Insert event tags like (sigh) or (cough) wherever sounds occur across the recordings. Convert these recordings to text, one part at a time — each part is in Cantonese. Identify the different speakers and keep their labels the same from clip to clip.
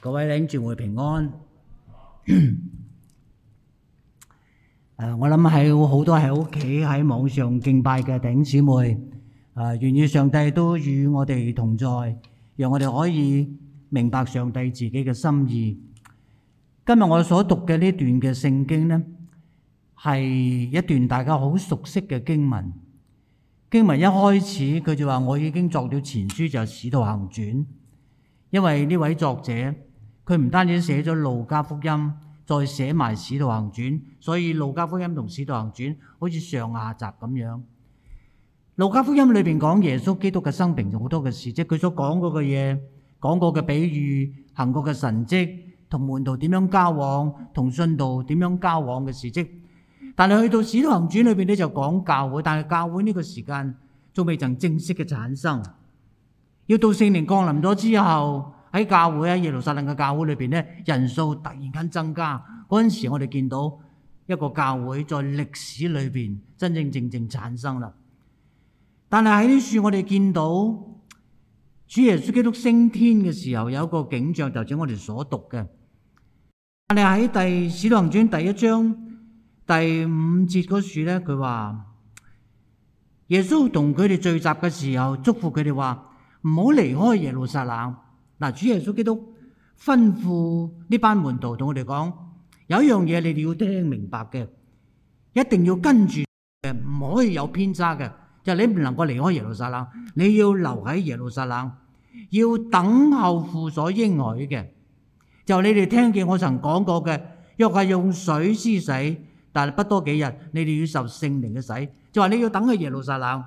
Speaker 1: 各位領主，回平安。誒，我諗喺好多喺屋企喺網上敬拜嘅弟兄姊妹，誒，願意，上帝都與我哋同在，讓我哋可以明白上帝自己嘅心意。今日我所讀嘅呢段嘅聖經呢，係一段大家好熟悉嘅經文。經文一開始，佢就話我已經作咗前書，就使徒行傳。因為呢位作者，佢唔單止寫咗《路加福音》，再寫埋《使徒行傳》，所以《路加福音》同《使徒行傳》好似上下集咁樣。《路加福音》裏邊講耶穌基督嘅生平就好多嘅事跡，即佢所講嗰個嘢，講過嘅比喻，行過嘅神跡，同門徒點樣交往，同信徒點樣交往嘅事跡。但係去到《使徒行傳》裏邊咧，就講教會，但係教會呢個時間仲未曾正式嘅產生。要到聖靈降臨咗之後，喺教會喺耶路撒冷嘅教會裏邊咧，人數突然間增加。嗰陣時我哋見到一個教會在歷史裏邊真正正正產生啦。但係喺呢處我哋見到主耶穌基督升天嘅時候，有一個景象就似我哋所讀嘅。但係喺第《使徒行傳》第一章第五節嗰處咧，佢話耶穌同佢哋聚集嘅時候，祝福佢哋話，唔好離開耶路撒冷。嗱，主耶穌基督吩咐呢班門徒同我哋講，有一樣嘢你哋要聽明白嘅，一定要跟住嘅，唔可以有偏差嘅。就係你唔能夠離開耶路撒冷，你要留喺耶路撒冷，要等候父所應許嘅。就你哋聽見我曾講過嘅，若係用水施洗，但係不多幾日，你哋要受聖靈嘅洗。就話你要等喺耶路撒冷。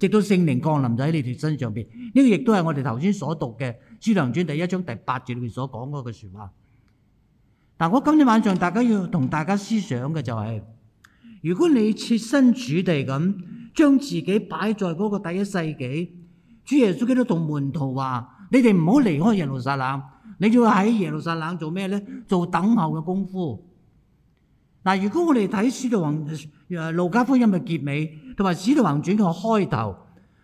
Speaker 1: 直到聖靈降臨就喺你條身上邊，呢個亦都係我哋頭先所讀嘅《使徒行傳》第一章第八節裏面所講嗰句説話。但我今日晚上，大家要同大家思想嘅就係，如果你設身處地咁將自己擺在嗰個第一世紀，主耶穌基督同門徒話，你哋唔好離開耶路撒冷，你要喺耶路撒冷做咩咧？做等候嘅功夫。嗱，如果我哋睇《使徒行》誒《路加福音》嘅結尾，同埋《使徒行傳》嘅開頭，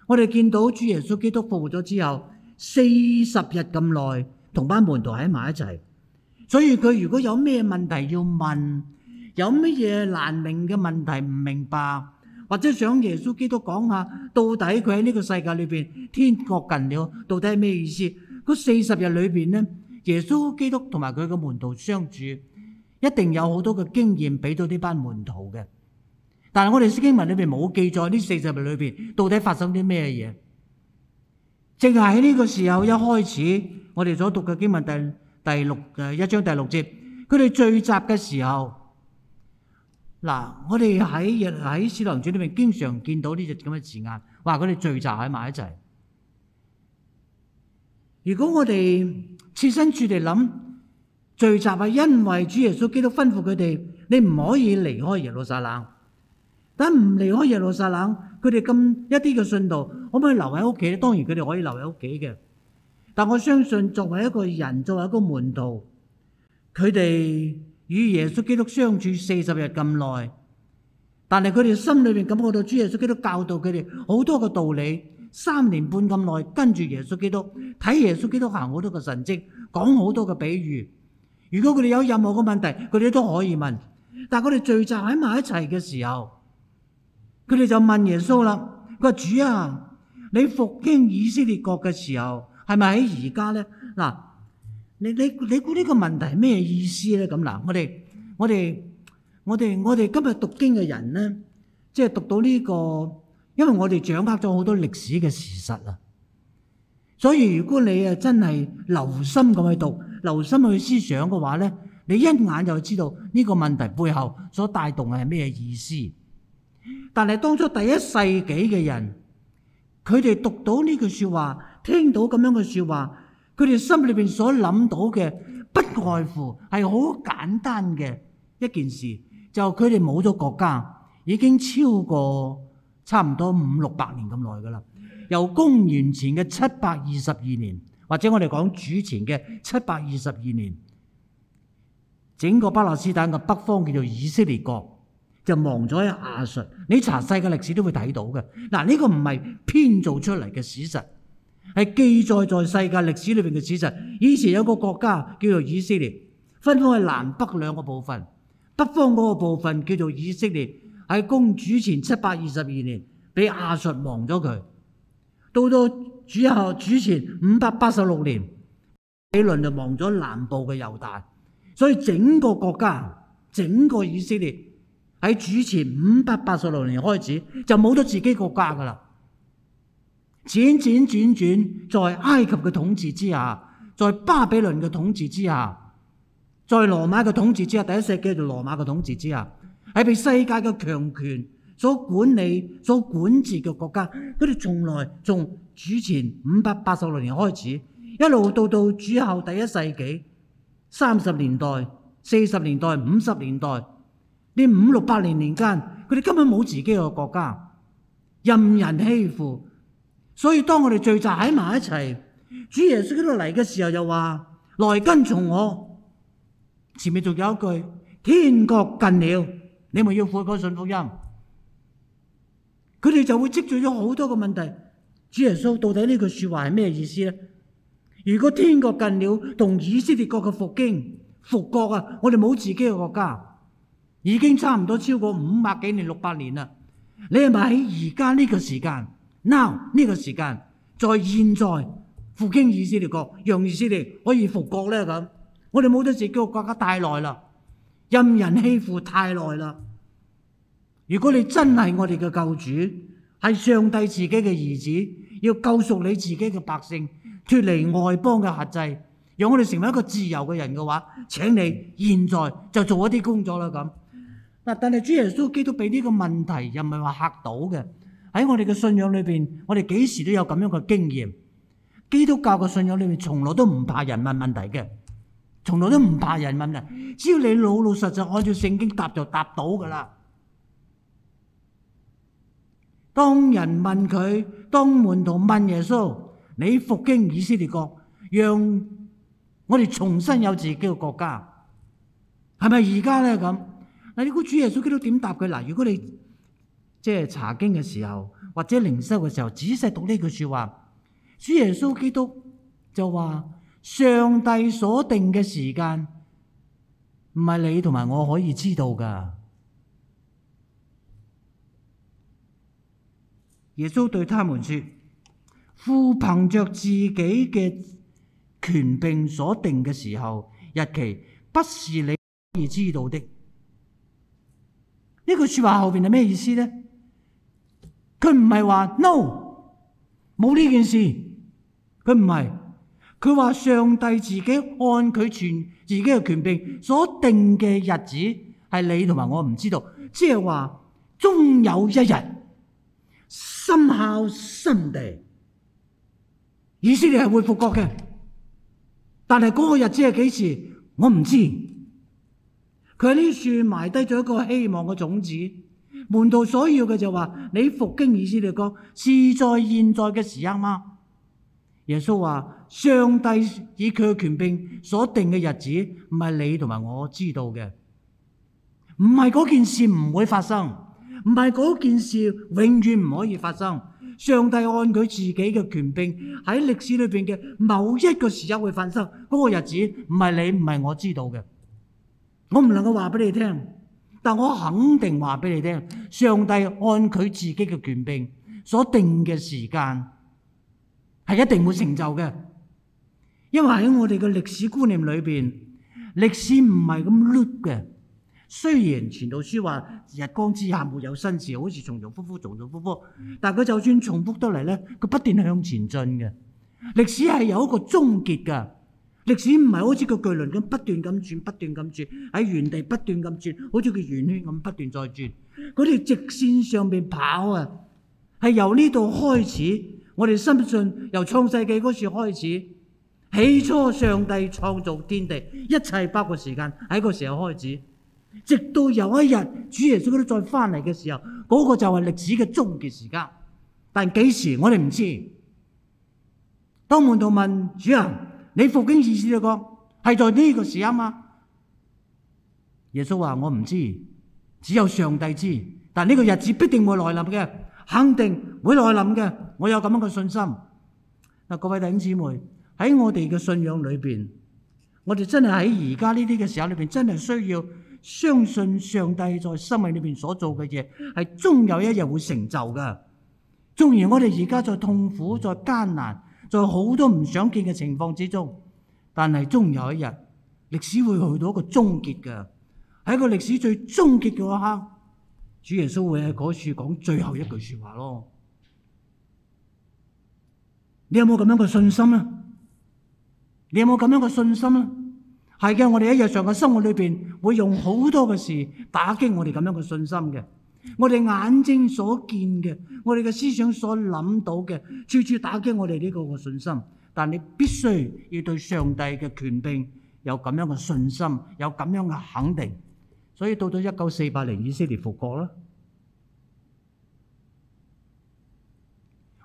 Speaker 1: 我哋見到主耶穌基督復活咗之後，四十日咁耐同班門徒喺埋一齊，所以佢如果有咩問題要問，有乜嘢難明嘅問題唔明白，或者想耶穌基督講下到底佢喺呢個世界裏邊天國近了，到底係咩意思？嗰四十日裏邊咧，耶穌基督同埋佢嘅門徒相處。一定有好多嘅經驗俾到呢班門徒嘅，但係我哋聖經文裏邊冇記載呢四十日裏邊到底發生啲咩嘢，正係呢個時候一開始我哋所讀嘅經文第第六誒一章第六節，佢哋聚集嘅時候，嗱我哋喺日喺《使徒行傳》裏邊經常見到呢隻咁嘅字眼，話佢哋聚集喺埋一齊。如果我哋設身處地諗。聚集係因為主耶穌基督吩咐佢哋，你唔可以離開耶路撒冷。但唔離開耶路撒冷，佢哋咁一啲嘅信徒，可唔可以留喺屋企咧？當然佢哋可以留喺屋企嘅。但我相信作為一個人，作為一個門徒，佢哋與耶穌基督相處四十日咁耐，但係佢哋心裏邊感覺到主耶穌基督教導佢哋好多個道理。三年半咁耐，跟住耶穌基督睇耶穌基督行好多個神蹟，講好多個比喻。如果佢哋有任何嘅問題，佢哋都可以問。但係佢哋聚集喺埋一齊嘅時候，佢哋就問耶穌啦。佢話 (noise) 主啊，你復興以色列國嘅時候係咪喺而家咧？嗱，你你你估呢個問題係咩意思咧？咁嗱，我哋我哋我哋我哋今日讀經嘅人咧，即係讀到呢個，因為我哋掌握咗好多歷史嘅事實啊。所以如果你誒，真係留心咁去讀。留心去思想嘅話呢，你一眼就知道呢個問題背後所帶動嘅係咩意思。但係當初第一世紀嘅人，佢哋讀到呢句說話，聽到咁樣嘅說話，佢哋心裏邊所諗到嘅不外乎係好簡單嘅一件事，就佢哋冇咗國家，已經超過差唔多五六百年咁耐噶啦。由公元前嘅七百二十二年。或者我哋講主前嘅七百二十二年，整個巴勒斯坦嘅北方叫做以色列國，就亡咗喺亞述。你查世界歷史都會睇到嘅。嗱，呢個唔係編造出嚟嘅史實，係記載在世界歷史裏邊嘅史實。以前有個國家叫做以色列，分開南北兩個部分，北方嗰個部分叫做以色列，喺公主前七百二十二年俾亞述亡咗佢，到到。主後主前五百八十六年，比倫就亡咗南部嘅猶大，所以整個國家、整個以色列喺主前五百八十六年開始就冇咗自己國家㗎喇。輾輾轉轉，在埃及嘅統治之下，在巴比倫嘅統治之下，在羅馬嘅統治之下，第一世紀就羅馬嘅統治之下，喺被世界嘅強權。所管理、所管治嘅國家，佢哋從來從主前五百八十六年開始，一路到到主後第一世紀三十年代、四十年代、五十年代呢五六百年年間，佢哋根本冇自己嘅國家，任人欺負。所以當我哋聚集喺埋一齊，主耶穌嗰度嚟嘅時候，又話：來跟從我。前面仲有一句：天國近了，你們要悔改信福音。佢哋就會積聚咗好多個問題。主耶穌到底呢句説話係咩意思咧？如果天國近了，同以色列國嘅復經復國啊，我哋冇自己嘅國家，已經差唔多超過五百幾年六百年啦。你係咪喺而家呢個時間？Now 呢個時間，在現在復經以色列國，讓以色列可以復國咧？咁我哋冇得自己嘅國家太耐啦，任人欺負太耐啦。如果你真係我哋嘅救主，係上帝自己嘅兒子，要救贖你自己嘅百姓，脫離外邦嘅轄制，讓我哋成為一個自由嘅人嘅話，請你現在就做一啲工作啦。咁但係主耶穌基督俾呢個問題又唔係話吓到嘅，喺我哋嘅信仰裏邊，我哋幾時都有咁樣嘅經驗。基督教嘅信仰裏面從來都唔怕人問問題嘅，從來都唔怕人問問題啊！只要你老老實實按照聖經答就答到噶啦。當人問佢，當門徒問耶穌，你復興以色列國，讓我哋重新有自己嘅國家，係咪而家咧？咁，嗱，你估主耶穌基督點答佢？嗱，如果你即係、就是、查經嘅時候，或者靈修嘅時候，仔細讀呢句說話，主耶穌基督就話：上帝所定嘅時間，唔係你同埋我可以知道噶。耶穌對他們說：父憑着自己嘅權柄所定嘅時候日期，不是你可以知道的。呢句說話後面係咩意思呢？「佢唔係話 no，冇呢件事，佢唔係，佢話上帝自己按佢全自己嘅權柄所定嘅日子，係你同埋我唔知道。只係話，終有一日。心孝心地，以色列係會復國嘅，但係嗰個日子係幾時，我唔知。佢喺呢啲樹埋低咗一個希望嘅種子。門徒所要嘅就話：你復經以色列國，是在現在嘅時刻嗎？耶穌話：上帝以佢嘅權柄所定嘅日子，唔係你同埋我知道嘅，唔係嗰件事唔會發生。唔係嗰件事永遠唔可以發生。上帝按佢自己嘅權柄喺歷史裏邊嘅某一個時刻會發生。嗰個日子唔係你、唔係我知道嘅，我唔能夠話俾你聽。但我肯定話俾你聽，上帝按佢自己嘅權柄所定嘅時間係一定會成就嘅。因為喺我哋嘅歷史觀念裏邊，歷史唔係咁 loop 嘅。雖然傳道書話日光之下沒有新事，好似重重覆覆、重重覆覆，但係佢就算重複得嚟咧，佢不斷向前進嘅。歷史係有一個終結㗎，歷史唔係好似個巨輪咁不斷咁轉、不斷咁轉，喺原地不斷咁轉，好似個圓圈咁不斷再轉。嗰條直線上面跑啊，係由呢度開始。我哋深信由創世紀嗰時開始，起初上帝創造天地，一切包括時間喺個時候開始。直到有一日主耶穌都再翻嚟嘅時候，嗰個就係歷史嘅終結時間。但幾時我哋唔知。當門徒問主啊，你復經意思就講係在呢個時間嘛？耶穌話我唔知，只有上帝知。但呢個日子必定會來臨嘅，肯定會來臨嘅。我有咁樣嘅信心。嗱，各位弟兄姊妹喺我哋嘅信仰裏邊，我哋真係喺而家呢啲嘅時候裏邊真係需要。相信上帝在生命裏面所做嘅嘢，係終有一日會成就噶縱然我哋而家在痛苦、在艱難、在好多唔想見嘅情況之中，但係終有一日，歷史會去到一個終結噶喺個歷史最終結嘅一刻，主耶穌會喺嗰處講最後一句說話咯。你有冇咁樣嘅信心呀？你有冇咁樣嘅信心呀？係嘅，我哋喺日常嘅生活裏邊，會用好多嘅事打擊我哋咁樣嘅信心嘅。我哋眼睛所見嘅，我哋嘅思想所諗到嘅，處處打擊我哋呢個嘅信心。但你必須要對上帝嘅權柄有咁樣嘅信心，有咁樣嘅肯定。所以到咗一九四八年，以色列復國啦，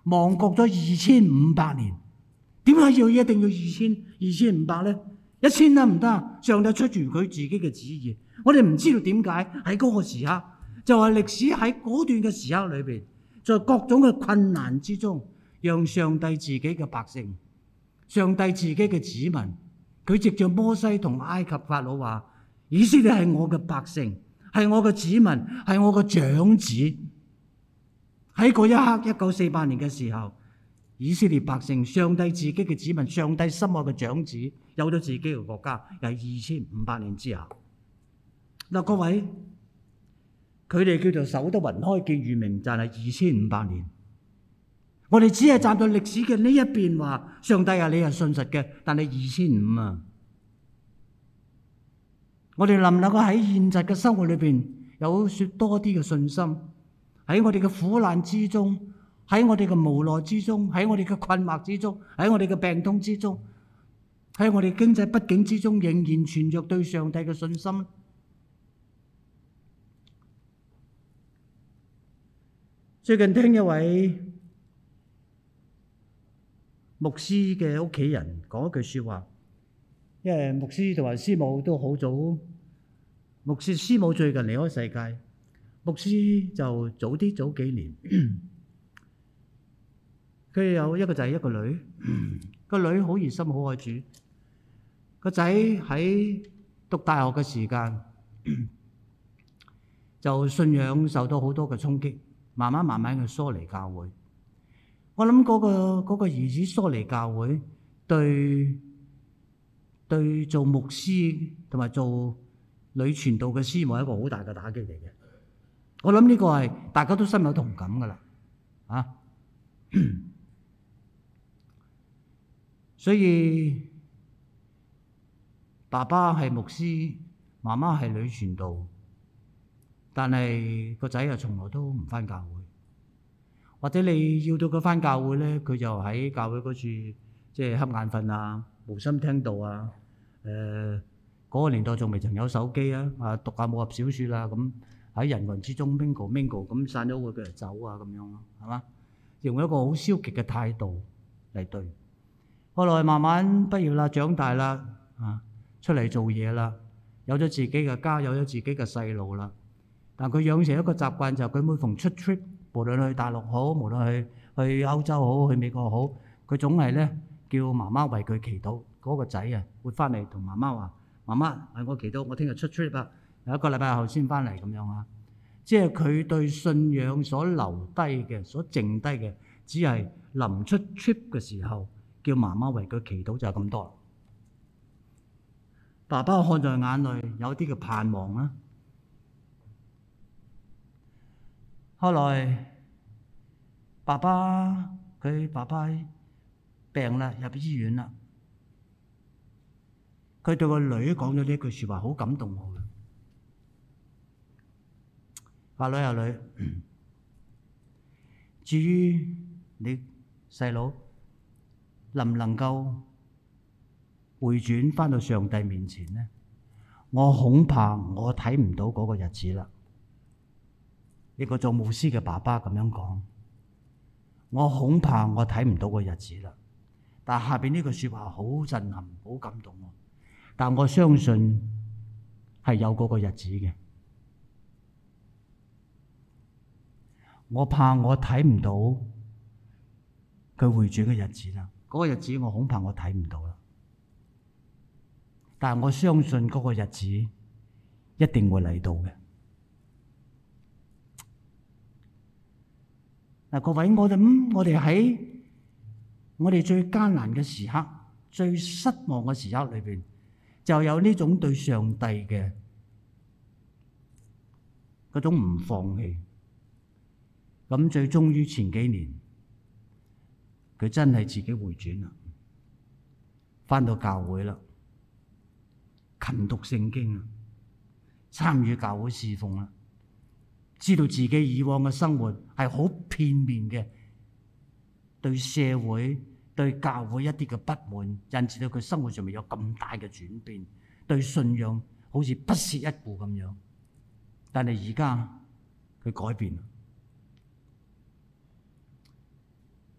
Speaker 1: 亡國咗二千五百年，點解要一定要二千二千五百咧？一千得唔得？上帝出住佢自己嘅旨意，我哋唔知道點解喺嗰個時刻，就話歷史喺嗰段嘅時刻裏邊，在各種嘅困難之中，讓上帝自己嘅百姓，上帝自己嘅子民，佢藉着摩西同埃及法老話，以色列係我嘅百姓，係我嘅子民，係我嘅長子。喺嗰一刻，一九四八年嘅時候。以色列百姓，上帝自己嘅子民，上帝心愛嘅長子，有咗自己嘅國家，又係二千五百年之後。嗱，各位，佢哋叫做守得雲開見月明，就係二千五百年。我哋只係站在歷史嘅呢一邊話：上帝啊，你係信實嘅，但係二千五啊！我哋能唔能夠喺現實嘅生活裏邊有説多啲嘅信心，喺我哋嘅苦難之中？喺我哋嘅無奈之中，喺我哋嘅困惑之中，喺我哋嘅病痛之中，喺我哋經濟不景之中，仍然存著對上帝嘅信心。最近聽一位牧師嘅屋企人講一句說話，因為牧師同埋師母都好早，牧師師母最近離開世界，牧師就早啲早幾年。佢哋有一個仔一個女，個女好熱心好愛主，個仔喺讀大學嘅時間就信仰受到好多嘅衝擊，慢慢慢慢嘅疏離教會。我諗嗰個嗰個兒子疏離教會，對對做牧師同埋做女傳道嘅師母係一個好大嘅打擊嚟嘅。我諗呢個係大家都心有同感㗎啦，啊！所以爸爸係牧師，媽媽係女傳道，但係個仔又從來都唔翻教會。或者你要到佢翻教會咧，佢就喺教會嗰處即係瞌眼瞓啊、無心聽道啊、誒嗰個年代仲未曾有手機啊、啊讀下武俠小説啦咁，喺人群之中 mingo mingo 咁散咗會佢就走啊咁樣咯，係嘛？用一個好消極嘅態度嚟對。後來慢慢畢業啦，長大啦，啊出嚟做嘢啦，有咗自己嘅家，有咗自己嘅細路啦。但佢養成一個習慣，就佢每逢出 trip，無論去大陸好，無論去去歐洲好，去美國好，佢總係咧叫媽媽為佢祈禱。嗰個仔啊，會翻嚟同媽媽話：媽媽，為我祈禱，我聽日出 trip 啊，有一個禮拜後先翻嚟咁樣啊。即係佢對信仰所留低嘅、所剩低嘅，只係臨出 trip 嘅時候。叫媽媽為佢祈禱，就係咁多。爸爸看在眼裏有啲嘅盼望啦、啊。後來爸爸，佢爸爸病啦，入醫院啦。佢對個女講咗呢句説話，好感動我、啊、嘅。阿女啊女，至於你細佬能唔能夠回轉翻到上帝面前呢？我恐怕我睇唔到嗰個日子啦。一個做牧師嘅爸爸咁樣講，我恐怕我睇唔到個日子啦。但下邊呢句説話好震撼、好感動，但我相信係有嗰個日子嘅。我怕我睇唔到佢回轉嘅日子啦。嗰個日子我恐怕我睇唔到啦，但係我相信嗰個日子一定會嚟到嘅。嗱，各位，我諗我哋喺我哋最艱難嘅時刻、最失望嘅時刻裏邊，就有呢種對上帝嘅嗰種唔放棄，咁最終於前幾年，佢真係自己回轉啦，翻到教會啦，勤讀聖經啦，參與教會侍奉啦，知道自己以往嘅生活係好片面嘅，對社會、對教會一啲嘅不滿，引致到佢生活上面有咁大嘅轉變，對信仰好似不屑一顧咁樣，但係而家佢改變。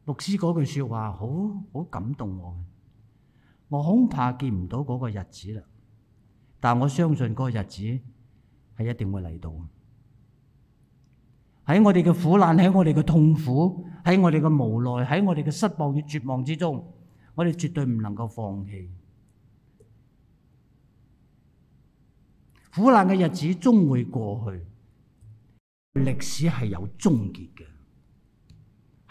Speaker 1: 牧師嗰句說話好好感動我，我恐怕見唔到嗰個日子啦，但我相信嗰個日子係一定會嚟到。喺我哋嘅苦難，喺我哋嘅痛苦，喺我哋嘅無奈，喺我哋嘅失望與絕望之中，我哋絕對唔能夠放棄。苦難嘅日子終會過去，歷史係有終結嘅。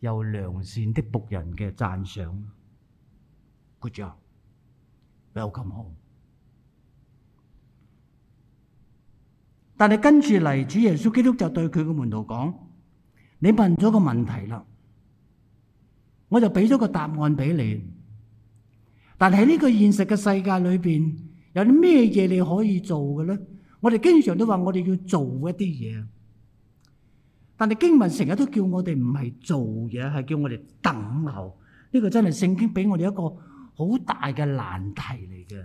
Speaker 1: 有良善的僕人嘅讚賞，Good job，Welcome home。但係跟住嚟，主耶穌基督就對佢嘅門徒講：你問咗個問題啦，我就俾咗個答案俾你。但係呢個現實嘅世界裏邊，有啲咩嘢你可以做嘅咧？我哋經常都話，我哋要做一啲嘢。但係經文成日都叫我哋唔係做嘢，係叫我哋等候。呢、這個真係聖經俾我哋一個好大嘅難題嚟嘅。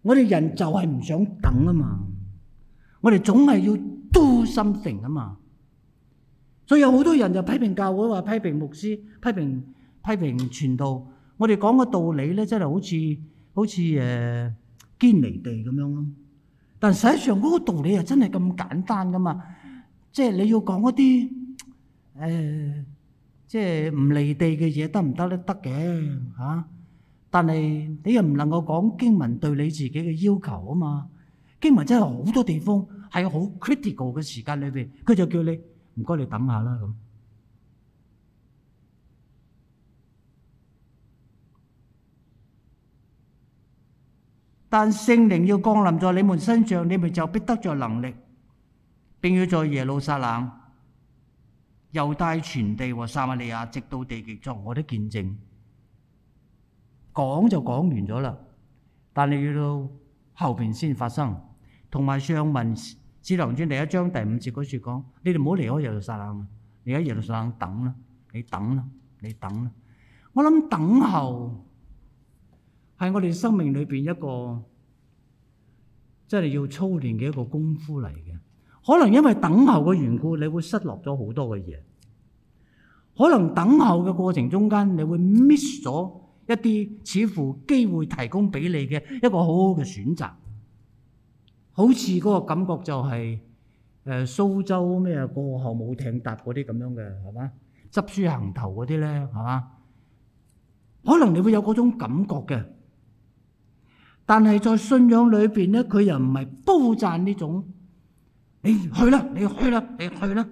Speaker 1: 我哋人就係唔想等啊嘛，我哋總係要 do something 啊嘛。所以有好多人就批評教會，話批評牧師，批評批評傳道。我哋講嘅道理咧，真係好似好似誒堅離地咁樣咯。但實際上嗰個道理係真係咁簡單噶嘛？即係你要講一啲誒，即係唔離地嘅嘢得唔得咧？得嘅嚇，但係你又唔能夠講經文對你自己嘅要求啊嘛。經文真係好多地方喺好 critical 嘅時間裏邊，佢就叫你唔該你等下啦咁，但聖靈要降臨在你們身上，你們就必得著能力。並要在耶路撒冷、猶大全地和撒瑪利亞，直到地極作我的見證。講就講完咗啦，但係要到後邊先發生。同埋上文《使徒行傳》第一章第五節嗰處講：你哋唔好離開耶路撒冷，你喺耶路撒冷等啦，你等啦，你等啦。我諗等候係我哋生命裏邊一個即係要操練嘅一個功夫嚟嘅。可能因為等候嘅緣故，你會失落咗好多嘅嘢。可能等候嘅過程中間，你會 miss 咗一啲似乎機會提供俾你嘅一個好好嘅選擇。好似嗰個感覺就係、是、誒、呃、蘇州咩過後冇艇搭嗰啲咁樣嘅，係嘛，執輸行頭嗰啲咧，係嘛？可能你會有嗰種感覺嘅，但係在信仰裏邊咧，佢又唔係褒讚呢種。你去啦，你去啦，你去啦。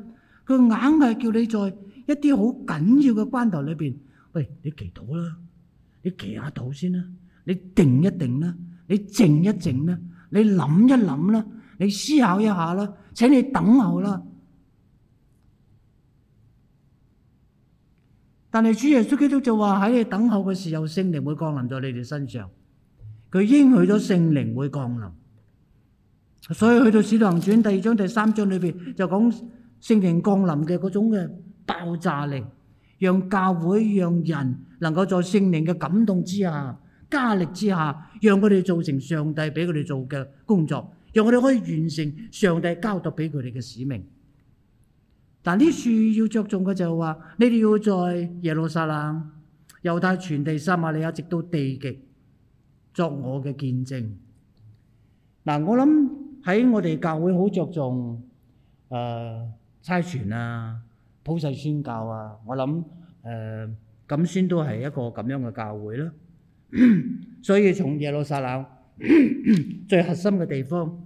Speaker 1: 佢硬係叫你在一啲好緊要嘅關頭裏邊，喂，你祈禱啦，你祈下禱先啦，你定一定啦，你靜一靜啦，你諗一諗啦，你思考一下啦，請你等候啦。但係主耶穌基督就話喺你等候嘅時候，聖靈會降臨在你哋身上，佢應許咗聖靈會降臨。所以去到《使徒行傳》第二章、第三章裏邊，就講聖靈降臨嘅嗰種嘅爆炸力，讓教會、讓人能夠在聖靈嘅感動之下、加力之下，讓佢哋做成上帝俾佢哋做嘅工作，讓佢哋可以完成上帝交代俾佢哋嘅使命。但呢樹要着重嘅就係話，你哋要在耶路撒冷、猶太全地、撒馬利亞，直到地極，作我嘅見證。嗱、嗯，我諗。喺我哋教會好着重誒，差傳啊、普世宣教啊，我諗誒咁先都係一個咁樣嘅教會啦。所以從耶路撒冷最核心嘅地方，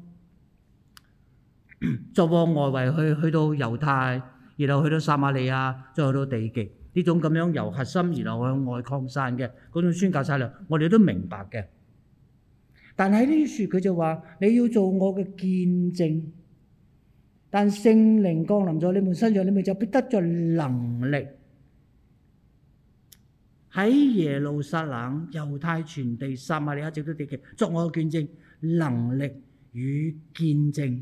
Speaker 1: 就往外圍去，去到猶太，然後去到撒瑪利亞，再去到地極，呢種咁樣由核心然後向外擴散嘅嗰種宣教策略，我哋都明白嘅。但喺呢處佢就話，你要做我嘅見證，但聖靈降臨在你們身上，你們就必得着能力，喺耶路撒冷、猶太全地、撒馬利亞直到地極作我嘅見證。能力與見證，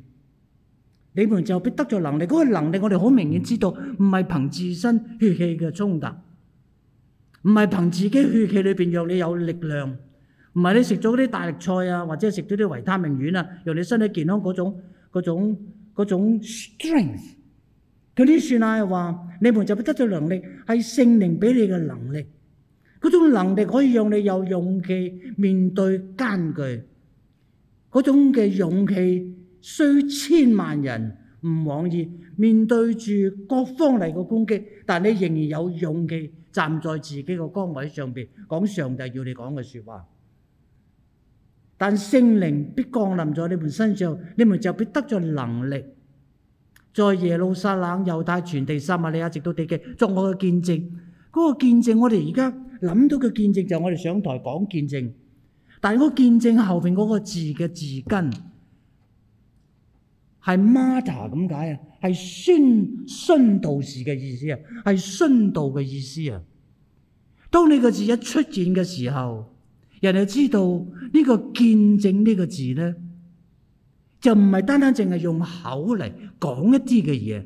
Speaker 1: 你們就必得着能力。嗰個能力我哋好明顯知道，唔係憑自身血氣嘅衝突，唔係憑自己血氣裏邊若你有力量。唔係你食咗啲大力菜啊，或者食咗啲維他命丸啊，讓你身體健康嗰種嗰種嗰種 strength，啲算係話，你們就俾得到能力，係聖靈俾你嘅能力，嗰種能力可以讓你有勇氣面對艱巨嗰種嘅勇氣，雖千萬人吾往矣。面對住各方嚟嘅攻擊，但你仍然有勇氣站在自己嘅崗位上邊講上帝要你講嘅説話。但聖靈必降臨在你們身上，你們就必得咗能力，在耶路撒冷、猶太全地、撒瑪利亞，直到地極，作我嘅見證。嗰、那個見證，我哋而家諗到嘅見證就係我哋上台講見證。但係嗰個見證後邊嗰個字嘅字根係 martyr 咁解啊，係殉殉道士嘅意思啊，係殉道嘅意思啊。當你個字一出現嘅時候，人哋知道呢個見證呢個字咧，就唔係單單淨係用口嚟講一啲嘅嘢，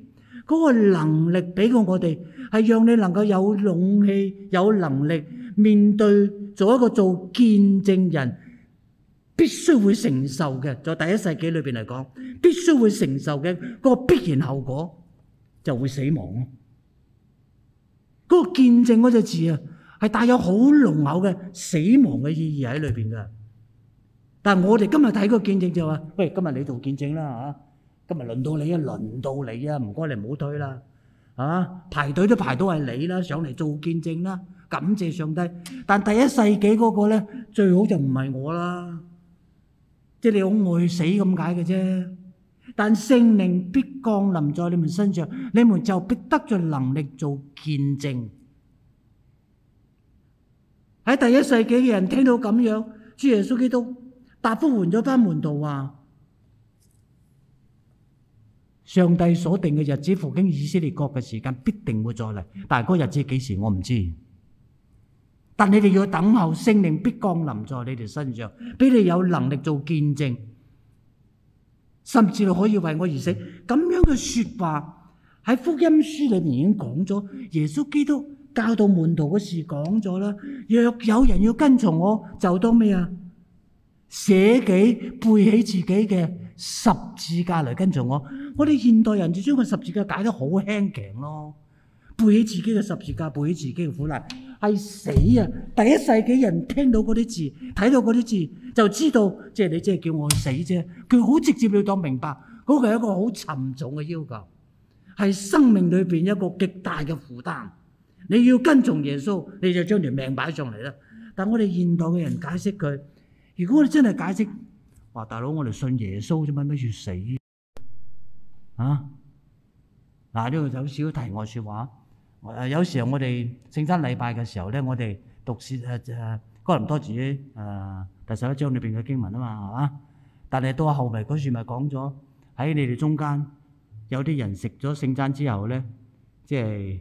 Speaker 1: 嗰個能力俾過我哋，係讓你能夠有勇氣、有能力面對做一個做見證人，必須會承受嘅，在第一世紀裏邊嚟講，必須會承受嘅嗰個必然後果，就會死亡咯。嗰個見證嗰隻字啊！係帶有好濃厚嘅死亡嘅意義喺裏邊㗎，但係我哋今日睇個見證就話：喂，今日你做見證啦嚇，今日輪到你啊，輪到你啊，唔該你唔好推啦，啊，排隊都排到係你啦，上嚟做見證啦，感謝上帝。但第一世紀嗰個咧，最好就唔係我啦，即係你好愛死咁解嘅啫。但聖靈必降臨在你們身上，你們就必得著能力做見證。喺第一世紀嘅人聽到咁樣，主耶穌基督答覆換咗返門徒話：上帝所定嘅日子，復興以色列國嘅時間必定會再嚟，但係嗰日子幾時我唔知。但你哋要等候聖靈必降臨在你哋身上，俾你有能力做見證，甚至到可以為我而死。咁樣嘅說話喺福音書裏面已經講咗，耶穌基督。教到門徒嗰事講咗啦，若有人要跟從我，就當咩啊？捨己背起自己嘅十字架嚟跟從我。我哋現代人就將個十字架解，解得好輕頸咯，背起自己嘅十字架，背起自己嘅苦難，係死啊！第一世紀人聽到嗰啲字，睇到嗰啲字，就知道，即係你即係叫我死啫。佢好直接要當明白，嗰、嗰個係一個好沉重嘅要求，係生命裏邊一個極大嘅負擔。你要跟從耶穌，你就將條命擺上嚟啦。但係我哋現代嘅人解釋佢，如果我哋真係解釋，話大佬我哋信耶穌啫，乜乜要死啊？嗱，呢度有少少題外説話。誒，有時候我哋聖餐禮拜嘅時候咧，我哋讀説誒、誒哥林多書誒第十一章裏邊嘅經文啊嘛，係嘛？但係到後嚟嗰時咪講咗喺你哋中間有啲人食咗聖餐之後咧，即係。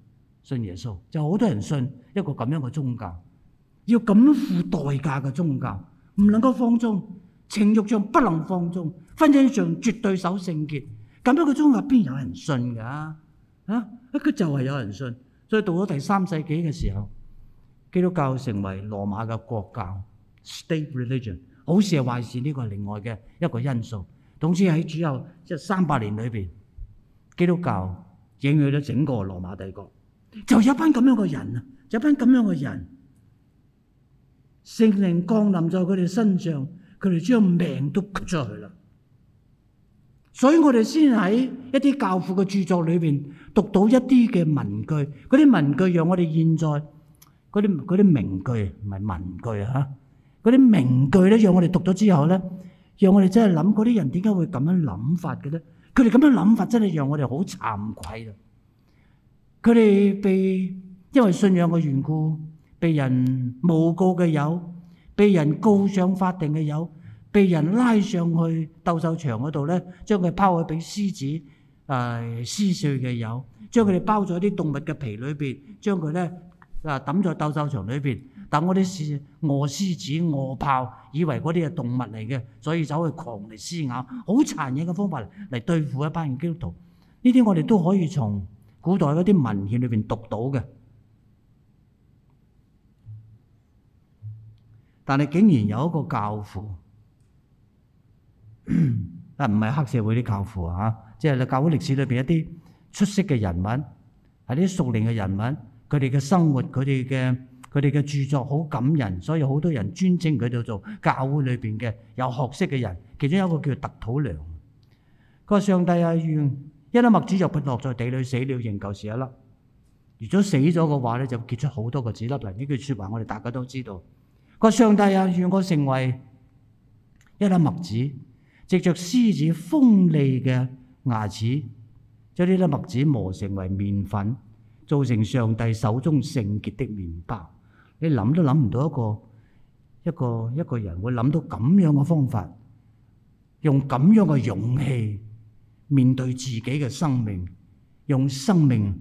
Speaker 1: 信耶穌就好、是、多人信一個咁樣嘅宗教，要咁付代價嘅宗教，唔能夠放縱，情欲上不能放縱，婚姻上絕對守聖潔。咁樣嘅宗教邊有人信㗎？啊，佢就係有人信。所以到咗第三世紀嘅時候，基督教成為羅馬嘅國教 （state religion） 好。好事係壞事，呢個係另外嘅一個因素。總之喺主後即係三百年裏邊，基督教影響咗整個羅馬帝國。就有一班咁樣嘅人啊，有班咁樣嘅人，聖靈降臨在佢哋身上，佢哋將命都吸咗去啦。所以我哋先喺一啲教父嘅著作裏邊讀到一啲嘅文句，嗰啲文句讓我哋現在嗰啲啲名句唔係文句吓，嗰、啊、啲名句咧，讓我哋讀咗之後咧，讓我哋真係諗嗰啲人點解會咁樣諗法嘅咧？佢哋咁樣諗法真係讓我哋好慚愧啊！佢哋被因為信仰嘅緣故，被人誣告嘅有，被人告上法庭嘅有，被人拉上去鬥獸場嗰度咧，將佢拋去俾獅子誒撕、呃、碎嘅有，將佢哋包在啲動物嘅皮裏邊，將佢咧啊抌在鬥獸場裏邊，等嗰啲餓獅子餓豹、呃呃、以為嗰啲係動物嚟嘅，所以走去狂嚟撕咬，好殘忍嘅方法嚟對付一班基督徒。呢啲我哋都可以從古代嗰啲文獻裏邊讀到嘅，但係竟然有一個教父，啊唔係黑社會啲教父啊，即係教會歷史裏邊一啲出色嘅人物，係啲熟練嘅人物，佢哋嘅生活，佢哋嘅佢哋嘅著作好感人，所以好多人尊稱佢哋做教會裏邊嘅有學識嘅人，其中有一個叫特土良，個上帝啊願。一粒麥子若不落在地裏死了，仍舊是一粒。如果死咗嘅話咧，就結出好多個子粒嚟。呢句說話我哋大家都知道。個上帝啊，願我成為一粒麥子，藉着獅子鋒利嘅牙齒，將呢粒麥子磨成為麵粉，做成上帝手中聖潔的麵包。你諗都諗唔到一個一個一個人會諗到咁樣嘅方法，用咁樣嘅勇氣。面對自己嘅生命，用生命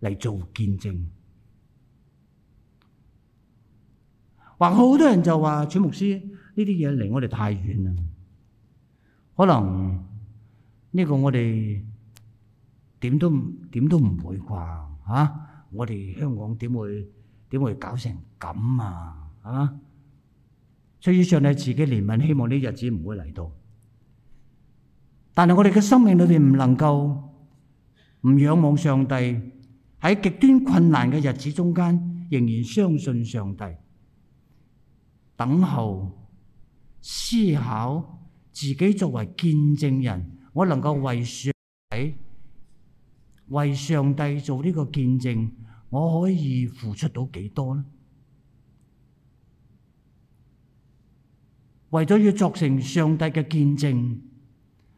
Speaker 1: 嚟做見證。話好多人就話，褚牧師呢啲嘢離我哋太遠啦。可能呢個我哋點都點都唔會啩嚇、啊？我哋香港點會點會搞成咁啊？啊！所以上帝自己憐憫，希望呢日子唔會嚟到。但係我哋嘅生命裏面唔能夠唔仰望上帝，喺極端困難嘅日子中間，仍然相信上帝，等候思考自己作為見證人，我能夠為上為上帝做呢個見證，我可以付出到幾多呢？為咗要作成上帝嘅見證。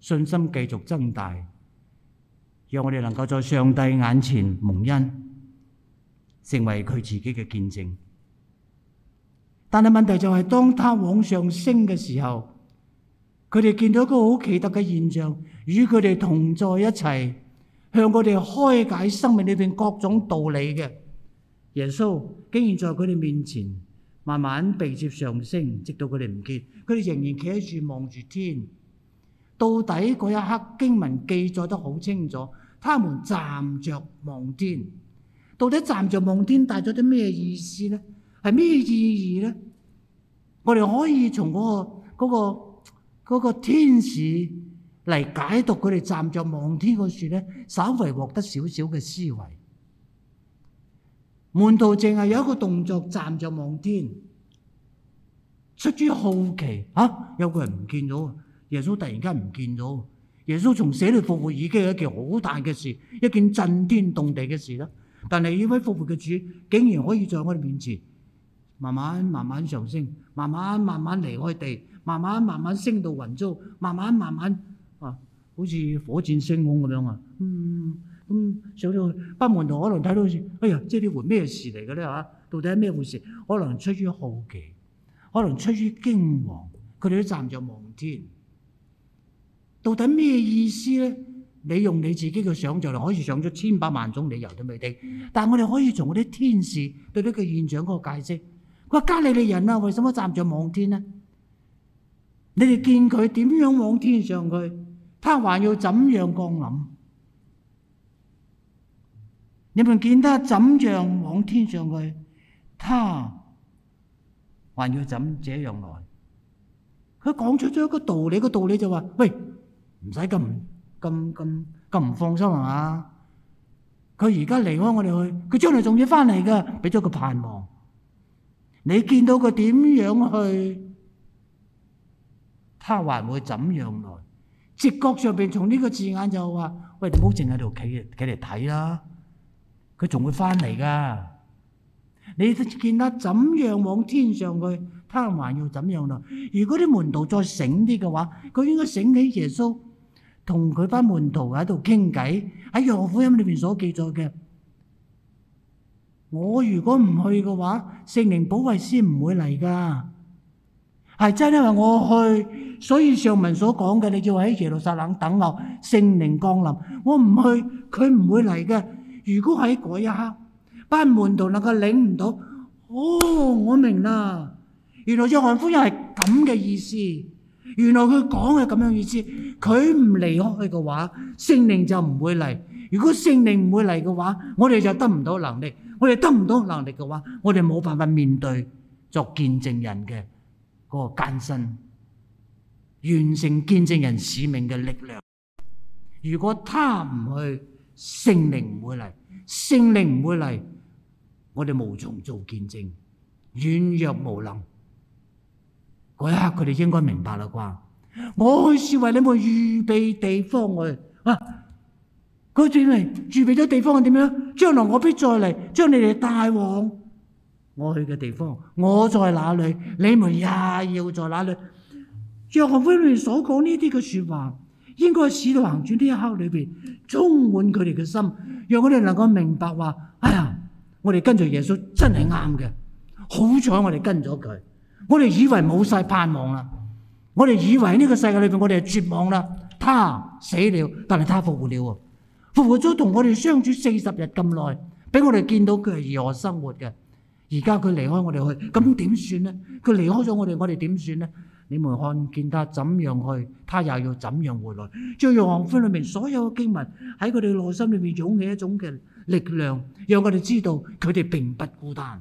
Speaker 1: 信心繼續增大，讓我哋能夠在上帝眼前蒙恩，成為佢自己嘅見證。但係問題就係、是，當他往上升嘅時候，佢哋見到一個好奇特嘅現象，與佢哋同在一齊，向佢哋開解生命裏邊各種道理嘅耶穌，竟然在佢哋面前慢慢被接上升，直到佢哋唔見，佢哋仍然企喺住望住天。到底嗰一刻經文記載得好清楚，他們站着望天。到底站着望天帶咗啲咩意思咧？係咩意義咧？我哋可以從嗰、嗰個嗰、嗰個嗰個嗰個、天使嚟解讀佢哋站着望天個事咧，稍微獲得少少嘅思維。門徒淨係有一個動作，站着望天，出於好奇嚇、啊，有個人唔見咗。耶穌突然間唔見咗。耶穌從死裏復活已經係一件好大嘅事，一件震天動地嘅事啦。但係呢位復活嘅主竟然可以在我哋面前，慢慢慢慢上升，慢慢慢慢離開地，慢慢慢慢升到雲霄，慢慢慢慢啊，好似火箭升空咁樣啊。嗯，咁、嗯、上到去，北門度可能睇到，好似：「哎呀，即係呢回咩事嚟嘅咧嚇？到底係咩回事？可能出於好奇，可能出於驚惶，佢哋都站咗望天。到底咩意思咧？你用你自己嘅想像力，可以想咗千百萬種理由都未定。但係我哋可以從嗰啲天使對呢個現象個解釋。佢話：加利利人啊，為什麼站著望天呢？你哋見佢點樣往天上去，他還要怎樣降臨？你咪見他怎樣往天上去，他還要怎樣來？佢講出咗一個道理，個道理就話、是：喂！唔使咁咁咁咁唔放心係嘛？佢而家離開我哋去，佢將來仲要翻嚟㗎，俾咗個盼望。你見到佢點樣去，他還會怎樣來？直覺上面從呢個字眼就話：喂，你唔好淨喺度企企嚟睇啦！佢仲會翻嚟㗎。你見他怎樣往天上去，他還要怎樣來？如果啲門徒再醒啲嘅話，佢應該醒起耶穌。同佢班門徒喺度傾偈，喺約翰福音裏邊所記載嘅，我如果唔去嘅話，聖靈保惠師唔會嚟㗎，係真係因為我去，所以上文所講嘅，你就喺耶路撒冷等我，聖靈降臨，我唔去，佢唔會嚟嘅。如果喺嗰一刻，班門徒能夠領唔到，哦，我明啦，原來約翰福音係咁嘅意思。原來佢講係咁樣意思，佢唔離開嘅話，聖靈就唔會嚟；如果聖靈唔會嚟嘅話，我哋就得唔到能力；我哋得唔到能力嘅話，我哋冇辦法面對作見證人嘅嗰個艱辛，完成見證人使命嘅力量。如果他唔去，聖靈唔會嚟，聖靈唔會嚟，我哋無從做見證，軟弱無能。嗰一刻佢哋應該明白啦啩，我去是為你們預備地方去啊！佢轉嚟預備咗地方，係點樣？將來我必再嚟，將你哋帶往我去嘅地方。我在哪裏，你們也要在哪裏。約翰福音所講呢啲嘅說話，應該使徒行傳呢一刻裏邊充滿佢哋嘅心，讓佢哋能夠明白話：哎呀，我哋跟住耶穌真係啱嘅，好彩我哋跟咗佢。我哋以為冇晒盼望啦，我哋以為呢個世界裏邊我哋係絕望啦。他死了，但係他復活了，復活咗同我哋相處四十日咁耐，俾我哋見到佢係如何生活嘅。而家佢離開我哋去，咁點算呢？佢離開咗我哋，我哋點算呢？你們看見他怎樣去，他又要怎樣回來？將約翰福音裏面所有嘅經文喺佢哋內心裏面湧起一種嘅力量，讓我哋知道佢哋並不孤單。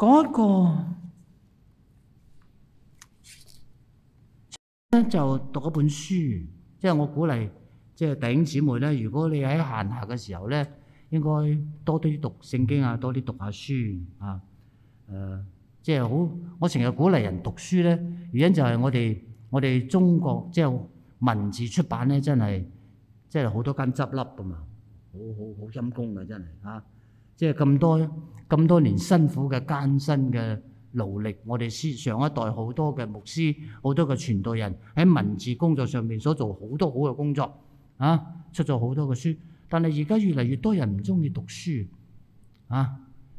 Speaker 1: 講一個咧就讀嗰本書，即係我鼓勵，即係弟兄姊妹咧，如果你喺閒暇嘅時候咧，應該多啲讀聖經啊，多啲讀下書啊，誒，即係好，我成日鼓勵人讀書咧，原因就係我哋我哋中國即係文字出版咧，真係即係好多間執笠噶嘛，好好好陰功嘅真係啊！即係咁多咁多年辛苦嘅艱辛嘅勞力，我哋師上一代好多嘅牧師，好多嘅傳道人喺文字工作上面所做好多好嘅工作啊，出咗好多嘅書。但係而家越嚟越多人唔中意讀書啊，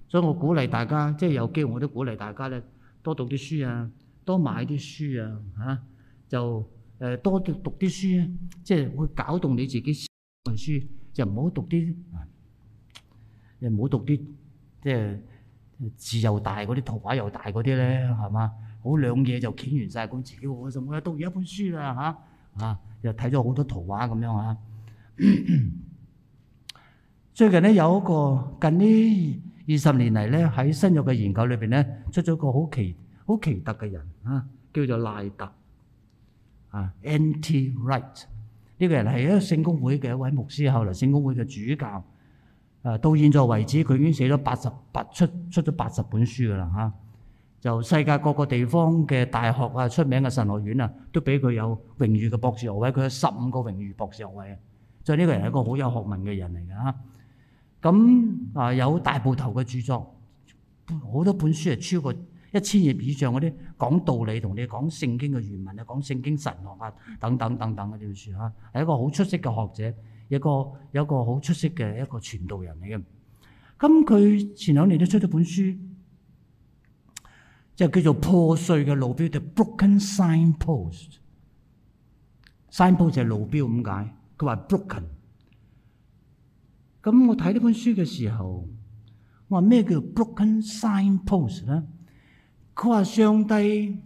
Speaker 1: 所以我鼓勵大家，即係有機會我都鼓勵大家咧，多讀啲書啊，多買啲書啊，嚇就誒多讀啲書啊，即係會搞動你自己讀書，就唔好讀啲。你唔好讀啲即係字又大嗰啲，圖畫又大嗰啲咧，係嘛？好兩嘢就捲完晒咁，只要我就唔好讀完一本書啦，吓啊！又睇咗好多圖畫咁樣啊。最近咧有一個近呢二十年嚟，咧喺新約嘅研究裏邊咧出咗個好奇好奇特嘅人啊，叫做賴特啊，N.T. Wright。呢個人係一個聖公會嘅一位牧師，後來聖公會嘅主教。誒到現在為止，佢已經寫咗八十八出，出咗八十本書㗎啦嚇。就世界各個地方嘅大學啊、出名嘅神學院啊，都俾佢有榮譽嘅博士學位，佢有十五個榮譽博士學位啊。所以呢個人係一個好有學問嘅人嚟㗎嚇。咁啊有大部頭嘅著作，好多本書係超過一千頁以上嗰啲，講道理同你講聖經嘅原文啊、講聖經神學啊等等等等嘅呢本書嚇，係一個好出色嘅學者，一個有一個好出色嘅一個傳道人嚟嘅，咁佢前兩年都出咗本書，就叫做破碎嘅路標，叫 Broken Signpost。Signpost 就係路標，咁解，佢話 broken。咁我睇呢本書嘅時候，我話咩叫 Broken Signpost 咧？佢話上帝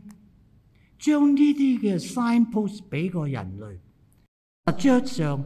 Speaker 1: 將呢啲嘅 signpost 俾個人類，實際上。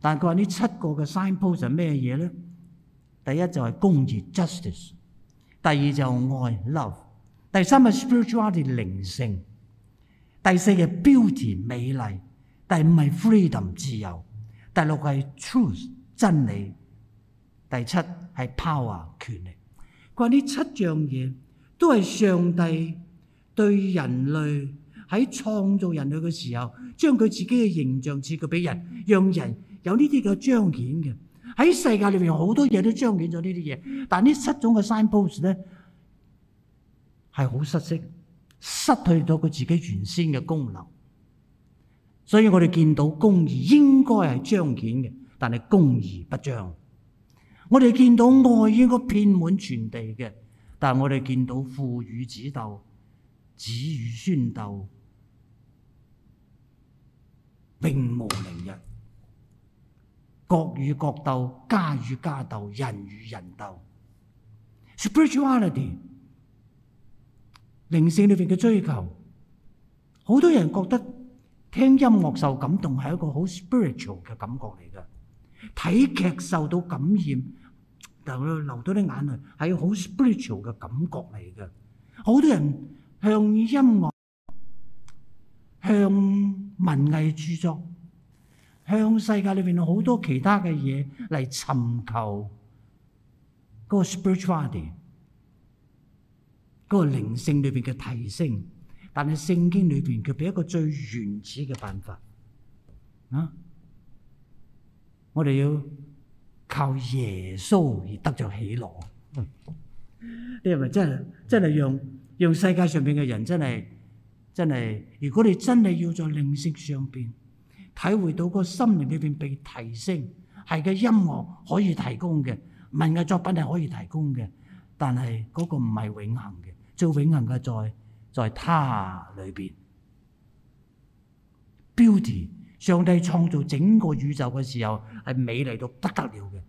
Speaker 1: 但佢話呢七個嘅 signpost 係咩嘢咧？第一就係公義 justice，第二就愛 love，第三係 spirituality 靈性，第四係 beauty 美麗，第五係 freedom 自由，第六係 truth 真理，第七係 power 權力。佢話呢七樣嘢都係上帝對人類喺創造人類嘅時候，將佢自己嘅形象賜佢俾人，讓人。有呢啲嘅彰顯嘅，喺世界裏面好多嘢都彰顯咗呢啲嘢，但係呢七種嘅 signposts 咧係好失色，失去咗佢自己原先嘅功能。所以我哋見到公義應該係彰顯嘅，但係公義不彰；我哋見到愛應該遍滿全地嘅，但係我哋見到父與子鬥，子與孫鬥，並無寧日。國與國鬥，家與家鬥，人與人鬥。Spirituality，靈性裏面嘅追求，好多人覺得聽音樂受感動係一個好 spiritual 嘅感覺嚟嘅，睇劇受到感染，但流到啲眼淚係好 spiritual 嘅感覺嚟嘅。好多人向音樂、向文藝著作。向世界裏邊好多其他嘅嘢嚟尋求個 spirituality，個靈性裏邊嘅提升，但係聖經裏邊佢俾一個最原始嘅辦法啊！我哋要靠耶穌而得着喜樂。嗯、你係咪真係真係讓讓世界上邊嘅人真係真係？如果你真係要在靈性上邊。體會到個心靈裏邊被提升，係嘅音樂可以提供嘅，文藝作品係可以提供嘅，但係嗰個唔係永恆嘅，最永恆嘅在在祂裏邊。Beauty，上帝創造整個宇宙嘅時候係美麗到不得了嘅，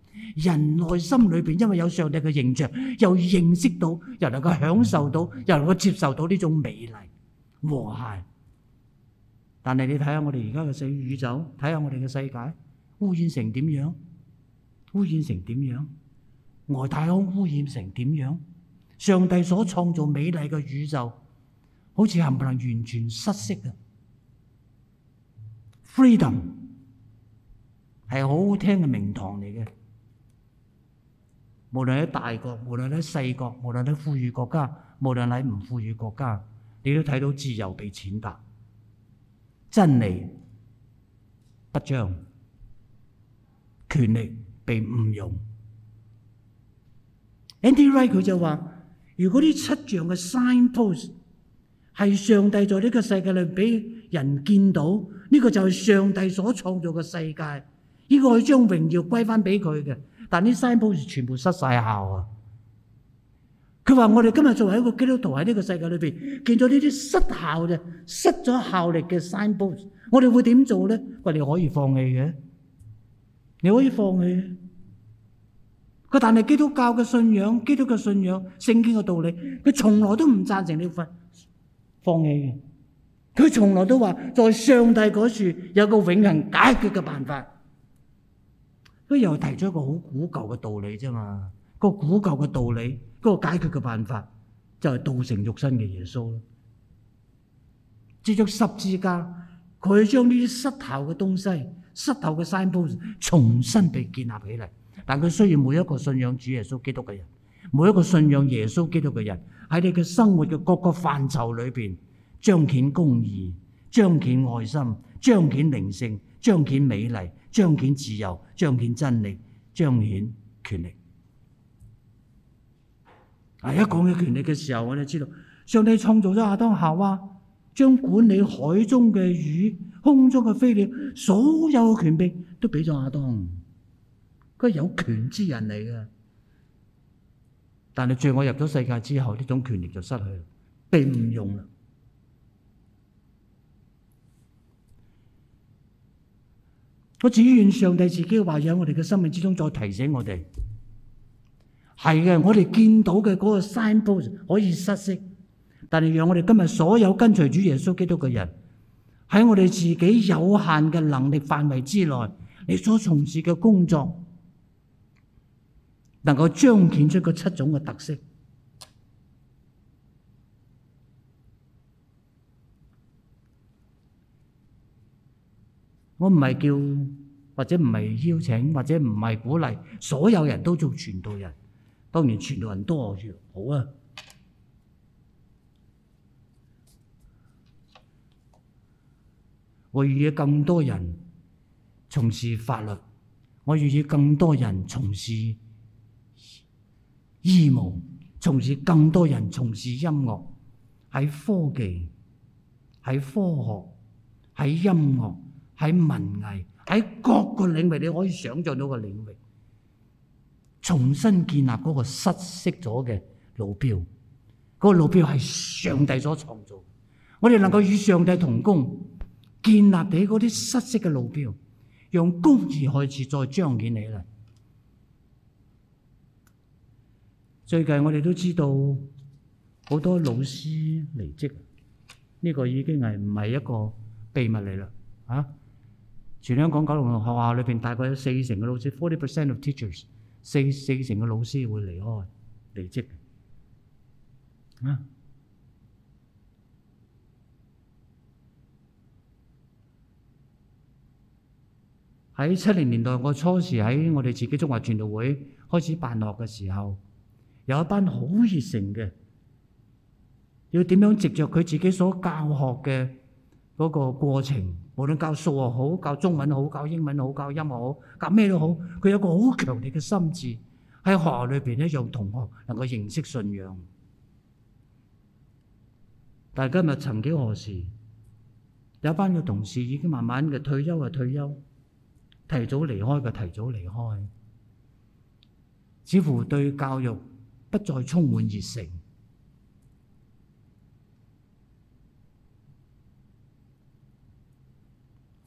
Speaker 1: 人內心裏邊因為有上帝嘅形象，又認識到，又能夠享受到，又能夠接受到呢種美麗和諧。但係你睇下我哋而家嘅世宇宙，睇下我哋嘅世界污染成點樣？污染成點樣？外太空污染成點樣？上帝所創造美麗嘅宇宙，好似係唔係完全失色啊？Freedom 係好好聽嘅名堂嚟嘅，無論喺大國，無論喺細國，無論喺富裕國家，無論喺唔富裕國家，你都睇到自由被踐踏。真理不彰，權力被誤用。N.T. Wright 佢就話：如果呢七樣嘅 signposts 係上帝在呢個世界裏俾人見到，呢個就係上帝所創造嘅世界，呢個佢將榮耀歸翻俾佢嘅。但係啲 signposts 全部失曬效啊！佢話：我哋今日作為一個基督徒喺呢個世界裏邊，見咗呢啲失效嘅、失咗效力嘅 signposts，我哋會點做咧？我哋可以放棄嘅，你可以放棄。佢但係基督教嘅信仰，基督教信仰聖經嘅道理，佢從來都唔贊成呢份放棄嘅。佢從來都話，在上帝嗰處有個永恆解決嘅辦法。佢又提出一個好古舊嘅道理啫嘛。個古舊嘅道理，嗰、這個解決嘅辦法就係、是、道成肉身嘅耶穌咯。藉住十字架，佢將呢啲濕頭嘅東西、濕頭嘅山坡重新被建立起嚟。但佢需要每一個信仰主耶穌基督嘅人，每一個信仰耶穌基督嘅人喺你嘅生活嘅各個範疇裏邊，彰顯公義、彰顯愛心、彰顯靈性、彰顯美麗、彰顯自由、彰顯真理、彰顯權力。啊！一講起權力嘅時候，我哋知道，上帝創造咗亞當夏娃，將管理海中嘅魚、空中嘅飛鳥，所有嘅權柄都俾咗亞當，佢係有權之人嚟嘅。但係最我入咗世界之後，呢種權力就失去，被誤用啦。我只願上帝自己嘅話語喺我哋嘅生命之中再提醒我哋。係嘅，我哋見到嘅嗰個 signboard 可以失色，但係讓我哋今日所有跟隨主耶穌基督嘅人喺我哋自己有限嘅能力範圍之內，你所從事嘅工作能夠彰顯出個七種嘅特色。我唔係叫或者唔係邀請或者唔係鼓勵所有人都做傳道人。當然，全路人多越好啊！我預計更多人從事法律，我預計更多人從事醫務，從事更多人從事音樂，喺科技、喺科學、喺音樂、喺文藝、喺各個領域，你可以想像到個領域。重新建立嗰個失色咗嘅路標，嗰、那個路標係上帝所創造，我哋能夠與上帝同工，建立起嗰啲失色嘅路標，用公義開始再彰顯你嚟。最近我哋都知道好多老師離職，呢、這個已經係唔係一個秘密嚟啦？啊，全香港九龍學校裏邊大概有四成嘅老師，forty percent of teachers。四四成嘅老師會離開，離職喺、啊、七零年，年代，我初時喺我哋自己中華傳道會開始辦學嘅時候，有一班好熱誠嘅，要點樣藉着佢自己所教學嘅嗰個過程。無論教數學好、教中文好、教英文好、教音樂好，教咩都好，佢有個好強烈嘅心志喺學校裏邊咧，讓同學能夠認識信仰。但係今日曾幾何時，有一班嘅同事已經慢慢嘅退休嘅退休，提早離開嘅提早離開，似乎對教育不再充滿熱誠。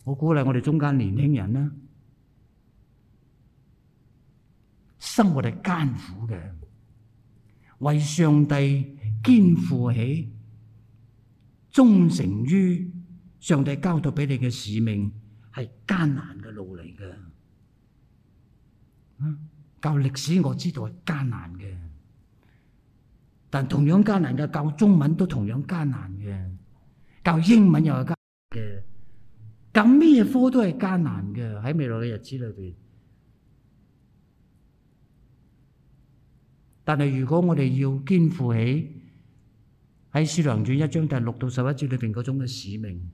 Speaker 1: 我鼓勵我哋中間年輕人啦，生活係艱苦嘅，為上帝肩負起忠誠於上帝交託俾你嘅使命係艱難嘅路嚟嘅，嗯。教歷史我知道係艱難嘅，但同樣艱難嘅，教中文都同樣艱難嘅，教英文又係艱難嘅。咁咩科都係艱難嘅，喺未來嘅日子裏邊，但係如果我哋要肩負起喺《使徒行傳》一章第六到十一節裏邊嗰種嘅使命，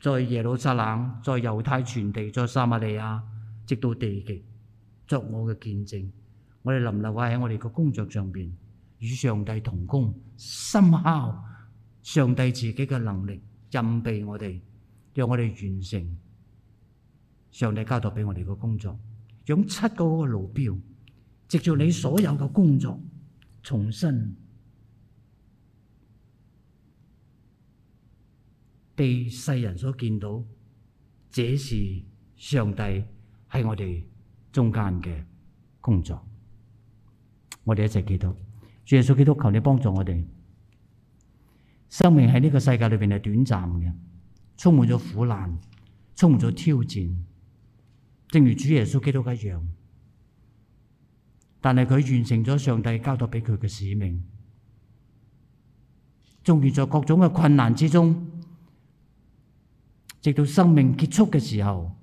Speaker 1: 在耶路撒冷，在猶太全地，在撒瑪利亞，直到地極作我嘅見證，我哋能唔能夠喺我哋個工作上邊與上帝同工，生效上帝自己嘅能力。任備我哋，讓我哋完成上帝交代俾我哋個工作。用七個個路標，直至你所有嘅工作，重新被世人所見到，這是上帝喺我哋中間嘅工作。我哋一齊祈禱，主耶穌基督，求你幫助我哋。生命喺呢個世界裏邊係短暫嘅，充滿咗苦難，充滿咗挑戰。正如主耶穌基督一樣，但係佢完成咗上帝交託俾佢嘅使命，仲然在各種嘅困難之中，直到生命結束嘅時候，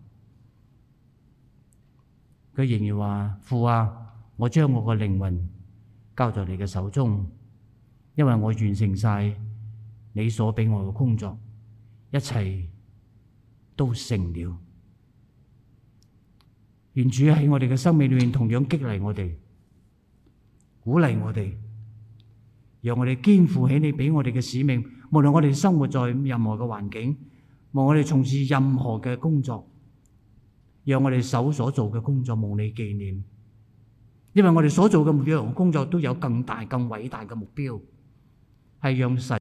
Speaker 1: 佢仍然話，父啊，我將我個靈魂交在你嘅手中，因為我完成晒。你所俾我嘅工作，一切都成了。願主喺我哋嘅生命裏面同樣激勵我哋，鼓勵我哋，讓我哋肩負起你俾我哋嘅使命。無論我哋生活在任何嘅環境，無論我哋從事任何嘅工作，讓我哋手所做嘅工作望你紀念，因為我哋所做嘅每樣工作都有更大、更偉大嘅目標，係讓神。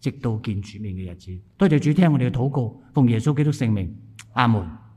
Speaker 1: 直到見主面嘅日子，多謝主聽我哋嘅禱告，奉耶穌基督聖名，阿門。